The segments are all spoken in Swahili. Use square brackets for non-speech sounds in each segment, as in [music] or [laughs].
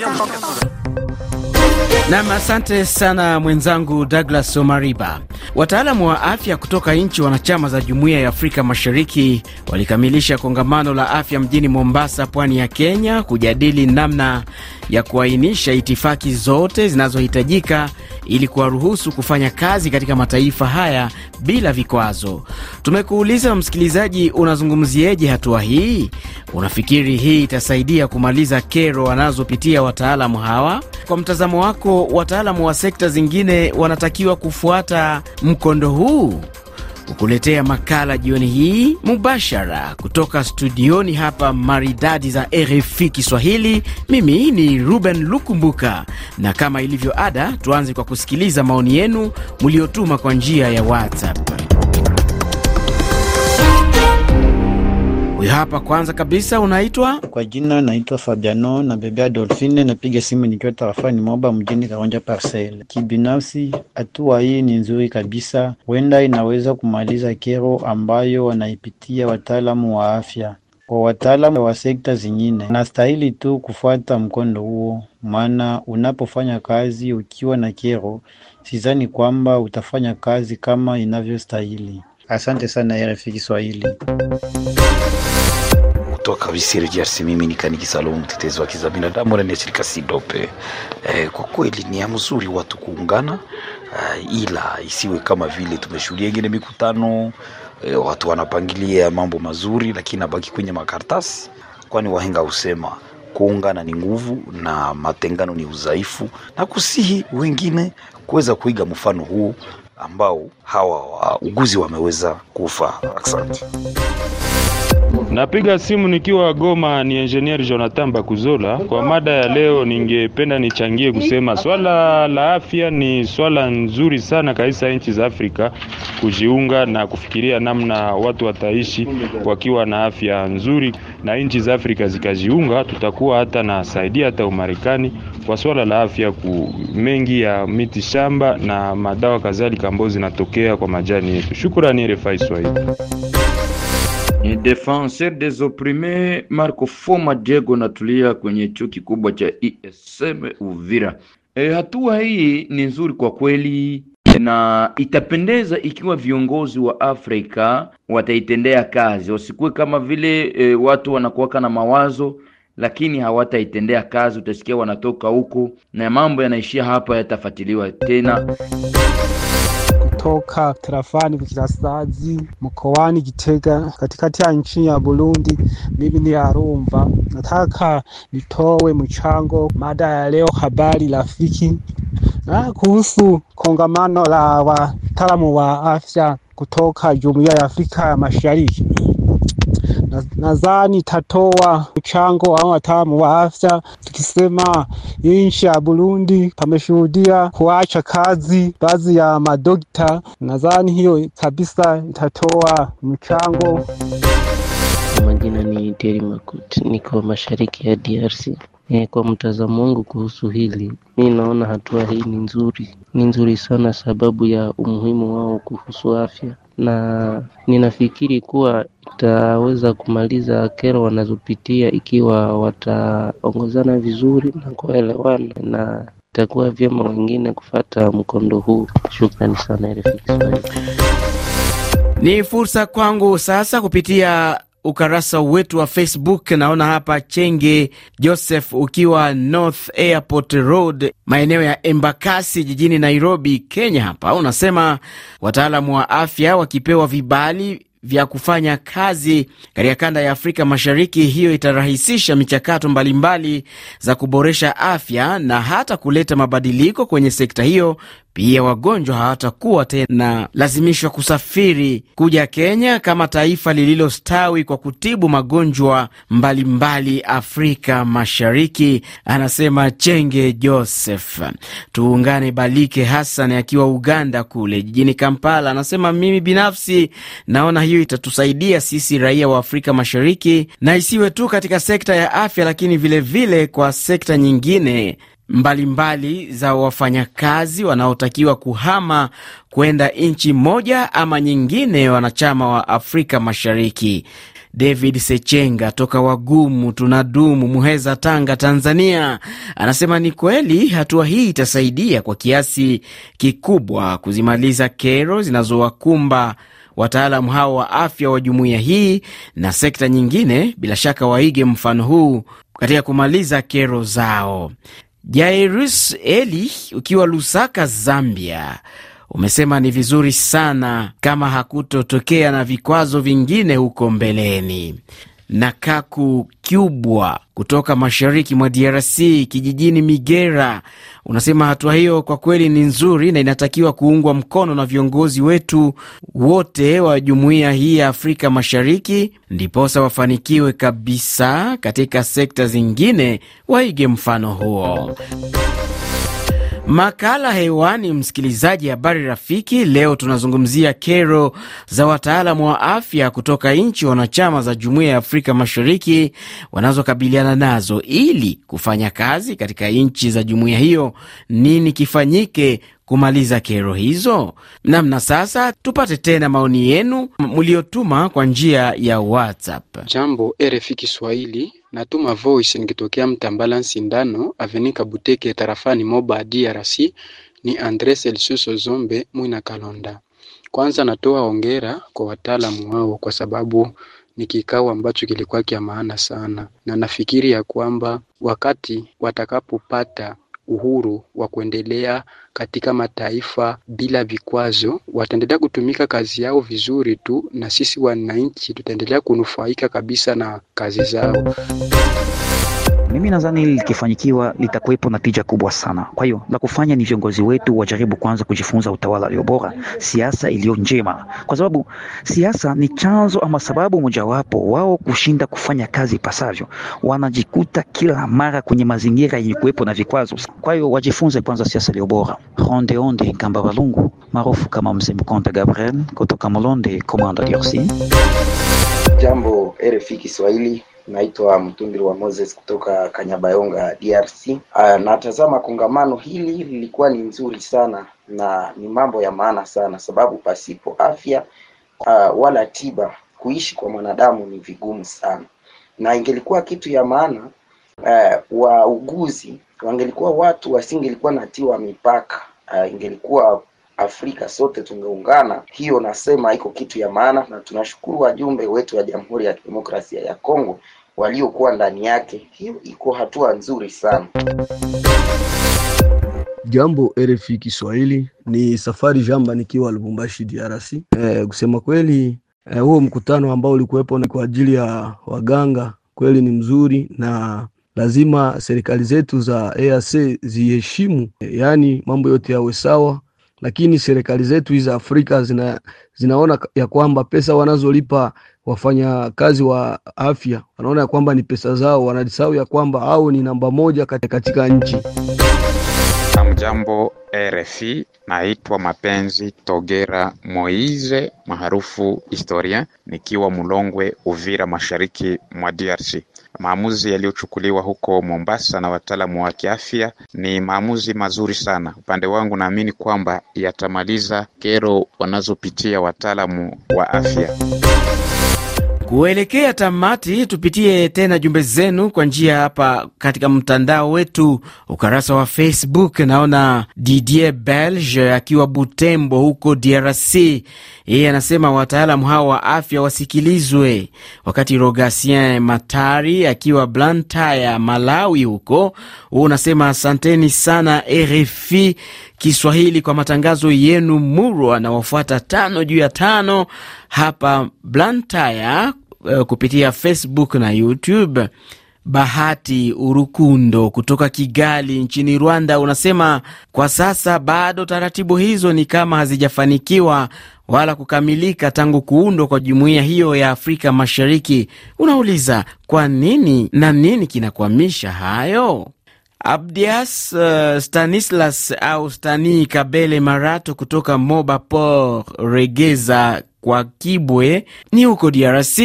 大胖子。Nam, asante sana mwenzangu Douglas Omariba. Wataalamu wa afya kutoka nchi wanachama za Jumuiya ya Afrika Mashariki walikamilisha kongamano la afya mjini Mombasa, pwani ya Kenya, kujadili namna ya kuainisha itifaki zote zinazohitajika ili kuwaruhusu kufanya kazi katika mataifa haya bila vikwazo. Tumekuuliza msikilizaji, unazungumzieje hatua hii? Unafikiri hii itasaidia kumaliza kero wanazopitia wataalamu hawa? Kwa mtazamo wako wataalamu wa sekta zingine wanatakiwa kufuata mkondo huu. Kukuletea makala jioni hii mubashara kutoka studioni hapa maridadi za RFI Kiswahili. Mimi ni Ruben Lukumbuka, na kama ilivyo ada, tuanze kwa kusikiliza maoni yenu mliotuma kwa njia ya WhatsApp. Huyu hapa kwanza kabisa, unaitwa kwa jina? Naitwa Fabiano na bebea Dolfine, napiga simu nikiwa tarafani Moba mjini karonja Parcel. Kibinafsi, hatua hii ni nzuri kabisa, huenda inaweza kumaliza kero ambayo wanaipitia wataalamu wa afya. Kwa wataalamu wa sekta zingine, nastahili tu kufuata mkondo huo, maana unapofanya kazi ukiwa na kero, sidhani kwamba utafanya kazi kama inavyostahili. Asante sana RFI Kiswahili. Kutoka Visiri DRC, mimi ni Kaniki Salomu, mtetezi wa haki za binadamu ndani ya shirika Sidope. E, eh, kwa kweli ni ya mzuri watu kuungana, uh, ila isiwe kama vile tumeshuhudia ingine mikutano e, watu wanapangilia mambo mazuri, lakini abaki kwenye makaratasi, kwani wahenga husema kuungana ni nguvu na matengano ni udhaifu, na kusihi wengine kuweza kuiga mfano huu ambao hawa wauguzi wameweza kufa. Asante. Napiga simu nikiwa Goma, ni engineer Jonathan Bakuzola. Kwa mada ya leo, ningependa nichangie kusema swala la afya ni swala nzuri sana kabisa nchi za Afrika kujiunga na kufikiria namna watu wataishi wakiwa na afya nzuri, na nchi za Afrika zikajiunga, tutakuwa hata nasaidia hata Umarekani kwa swala la afya ku mengi ya miti shamba na madawa kadhalika ambayo zinatokea kwa majani yetu. Shukrani RFI Swahili. Ni defenseur des opprimés Marco Foma Diego natulia kwenye chuo kikubwa cha ISM e Uvira. E, hatua hii ni nzuri kwa kweli na itapendeza ikiwa viongozi wa Afrika wataitendea kazi, wasikuwe kama vile e, watu wanakuwaka na mawazo lakini hawataitendea kazi. Utasikia wanatoka huko na mambo yanaishia hapa, yatafatiliwa tena kutoka tarafani Bukirasazi mkoani Gitega katikati ya nchi ya Burundi. Mimi ni Arumva, nataka nitowe mchango mada ya leo, habari rafiki, na kuhusu kongamano la wataalamu wa afya kutoka Jumuiya ya Afrika ya Mashariki nadhani itatoa mchango au wataalamu wa afya tukisema nchi ya Burundi pameshuhudia kuacha kazi baadhi ya madokta. Nadhani hiyo kabisa itatoa mchango. Majina ni Teri Makut, niko mashariki ya DRC. Eh, kwa mtazamo wangu kuhusu hili, mi naona hatua hii ni nzuri, ni nzuri sana sababu ya umuhimu wao kuhusu afya, na ninafikiri kuwa itaweza kumaliza kero wanazopitia ikiwa wataongozana vizuri na kuelewana, na itakuwa vyema wengine kufata mkondo huu. Shukrani sana RFI Kiswahili. Ni fursa kwangu sasa kupitia ukarasa wetu wa Facebook. Naona hapa Chenge Joseph ukiwa North Airport Road, maeneo ya Embakasi jijini Nairobi, Kenya. Hapa unasema wataalamu wa afya wakipewa vibali vya kufanya kazi katika kanda ya Afrika Mashariki, hiyo itarahisisha michakato mbalimbali za kuboresha afya na hata kuleta mabadiliko kwenye sekta hiyo pia wagonjwa hawatakuwa tena lazimishwa kusafiri kuja Kenya kama taifa lililostawi kwa kutibu magonjwa mbalimbali mbali Afrika Mashariki, anasema Chenge Joseph. Tuungane Balike Hassan akiwa Uganda kule jijini Kampala, anasema mimi binafsi naona hiyo itatusaidia sisi raia wa Afrika Mashariki, na isiwe tu katika sekta ya afya, lakini vilevile vile kwa sekta nyingine mbalimbali mbali za wafanyakazi wanaotakiwa kuhama kwenda nchi moja ama nyingine wanachama wa Afrika Mashariki. David Sechenga toka Wagumu Tunadumu, Muheza, Tanga, Tanzania, anasema ni kweli hatua hii itasaidia kwa kiasi kikubwa kuzimaliza kero zinazowakumba wataalamu hao wa afya wa jumuiya hii na sekta nyingine. Bila shaka waige mfano huu katika kumaliza kero zao. Jairus Eli ukiwa Lusaka, Zambia, umesema ni vizuri sana kama hakutotokea na vikwazo vingine huko mbeleni. Nakaku Kyubwa kutoka mashariki mwa DRC kijijini Migera, unasema hatua hiyo kwa kweli ni nzuri na inatakiwa kuungwa mkono na viongozi wetu wote wa jumuiya hii ya Afrika Mashariki, ndiposa wafanikiwe kabisa. Katika sekta zingine waige mfano huo. Makala hewani, msikilizaji. Habari rafiki, leo tunazungumzia kero za wataalam wa afya kutoka nchi wanachama za Jumuiya ya Afrika Mashariki wanazokabiliana nazo ili kufanya kazi katika nchi za jumuiya hiyo. Nini kifanyike kumaliza kero hizo? Namna sasa tupate tena maoni yenu mliotuma kwa njia ya WhatsApp. Jambo RFI Kiswahili. Natuma voice nikitokea Mtambala Sindano Avenika Buteke tarafani Moba DRC ni Andres Elsuso Zombe Mwina Kalonda. Kwanza natoa hongera kwa wataalamu wao kwa sababu ni kikao ambacho kilikuwa kia maana sana, na nafikiri ya kwamba wakati watakapopata uhuru wa kuendelea katika mataifa bila vikwazo, wataendelea kutumika kazi yao vizuri tu, na sisi wananchi tutaendelea kunufaika kabisa na kazi zao. Mimi nadhani likifanyikiwa litakuwepo na tija kubwa sana. Kwa hiyo la kufanya ni viongozi wetu wajaribu kwanza kujifunza utawala ulio bora, siasa iliyo njema, kwa sababu siasa ni chanzo ama sababu mojawapo wao kushinda kufanya kazi pasavyo. Wanajikuta kila mara kwenye mazingira yenye kuwepo na vikwazo. Kwa hiyo wajifunze kwanza siasa iliyo bora. Ronde Onde Kamba Balungu maarufu kama Mzee Mkonta Gabriel kutoka Molonde, Komanda DRC. Jambo RFI Kiswahili naitwa mtumbiri wa Moses kutoka Kanyabayonga, DRC. Ah, natazama kongamano hili lilikuwa ni nzuri sana na ni mambo ya maana sana, sababu pasipo afya uh, wala tiba kuishi kwa mwanadamu ni vigumu sana, na ingelikuwa kitu ya maana uh, wauguzi wangelikuwa watu wasingelikuwa natiwa mipaka uh, ingelikuwa Afrika sote tungeungana. Hiyo nasema iko kitu ya maana, na tunashukuru wajumbe wetu wa Jamhuri ya Kidemokrasia ya Kongo waliokuwa ndani yake. Hiyo iko hatua nzuri sana. Jambo RFI Kiswahili, ni Safari Jamba nikiwa Lubumbashi DRC. Eh, kusema kweli eh, huo mkutano ambao ulikuwepo ni kwa ajili ya waganga kweli ni mzuri na lazima serikali zetu za EAC ziheshimu, eh, yaani mambo yote yawe sawa, lakini serikali zetu hizi za Afrika zina, zinaona ya kwamba pesa wanazolipa wafanya kazi wa afya wanaona ya kwamba ni pesa zao, wanajisahau ya kwamba au ni namba moja katika nchi. Jambo RFI, naitwa Mapenzi Togera Moize maarufu Historia, nikiwa Mulongwe, Uvira, mashariki mwa DRC. Maamuzi yaliyochukuliwa huko Mombasa na wataalamu wa kiafya ni maamuzi mazuri sana. Upande wangu, naamini kwamba yatamaliza kero wanazopitia wataalamu wa afya. Kuelekea tamati, tupitie tena jumbe zenu kwa njia hapa katika mtandao wetu ukarasa wa Facebook. Naona Didier Belge akiwa Butembo huko DRC, yeye anasema wataalamu hawa wa afya wasikilizwe, wakati rogasien Matari akiwa Blantyre Malawi huko huu unasema asanteni sana RFI Kiswahili kwa matangazo yenu murwa Anawafuata tano juu ya tano hapa Blantyre eh, kupitia Facebook na YouTube. Bahati Urukundo kutoka Kigali nchini Rwanda unasema kwa sasa bado taratibu hizo ni kama hazijafanikiwa wala kukamilika tangu kuundwa kwa jumuiya hiyo ya Afrika Mashariki. Unauliza kwa nini na nini kinakwamisha hayo? Abdias uh, Stanislas au Stani Kabele Marato kutoka Moba Port Regeza kwa Kibwe ni huko DRC,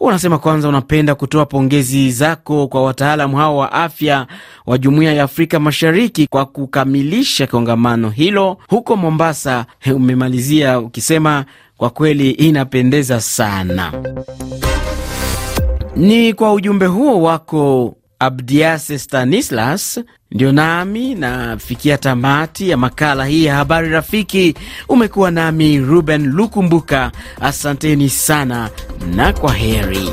unasema kwanza unapenda kutoa pongezi zako kwa wataalamu hao wa afya wa Jumuiya ya Afrika Mashariki kwa kukamilisha kongamano hilo huko Mombasa. [laughs] Umemalizia ukisema kwa kweli inapendeza sana. Ni kwa ujumbe huo wako Abdias Stanislas. Ndio nami nafikia tamati ya makala hii ya habari rafiki. Umekuwa nami Ruben Lukumbuka, asanteni sana na kwa heri.